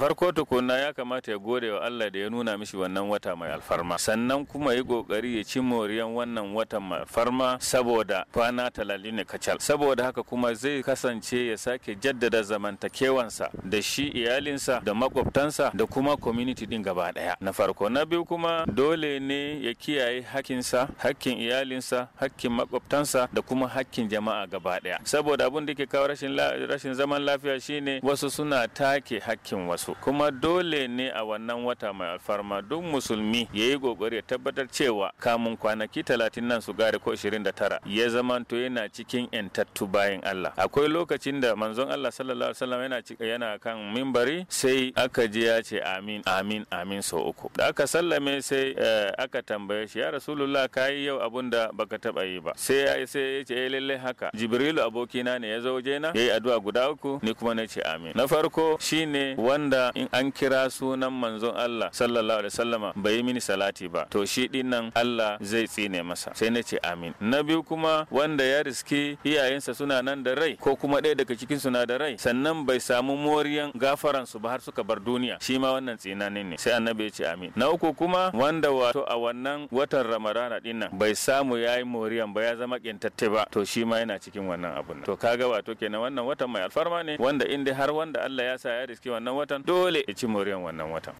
farko tukuna ya kamata ya gode wa Allah da ya nuna mishi wannan wata mai alfarma sannan kuma yi kokari ya ci moriyan wannan watan mai alfarma saboda kwana talatin ne kacal saboda haka kuma zai kasance ya sake jaddada zamantakewansa da shi iyalinsa da makwabtansa da kuma community din gaba daya na farko na biyu kuma dole ne ya kiyaye hakinsa hakkin iyalinsa hakkin makwabtansa da kuma hakkin jama'a gaba daya saboda abin da ke kawo rashin zaman lafiya shine wasu suna take hakkin wasu su kuma dole ne a wannan wata mai alfarma duk musulmi ya yi kokari ya tabbatar cewa kamun kwanaki talatin nan su gare ko ishirin da tara ya zamanto yana cikin yantattu bayan Allah akwai lokacin da manzon Allah sallallahu alaihi wasallam yana kan mimbari sai aka je ya ce amin amin amin sau uku da aka sallame sai eh, aka tambaye shi ya rasulullah kai yau abun da baka taba yi ba sai ya sai ya ce eh, lalle haka jibrilu abokina ne ya zo wajena yayi addu'a guda uku ni kuma na ce amin na farko shine wanda in an kira sunan manzon Allah sallallahu alaihi wasallama bai yi mini salati ba to shi dinnan Allah zai tsine masa sai na ce amin na biyu kuma wanda ya riski iyayensa suna nan da rai ko kuma ɗaya daga cikin suna da rai sannan bai samu moriyan gafaran su ba har suka bar duniya shi ma wannan tsinanin ne sai annabi ya ce amin na uku kuma wanda wato a wannan watan ramadana dinnan bai samu yayi moriyan ba ya zama kintatte ba to shi ma yana cikin wannan abun to kaga wato kenan wannan watan mai alfarma ne wanda inda har wanda Allah ya sa ya riski wannan watan dole ya ci moriyan wannan watan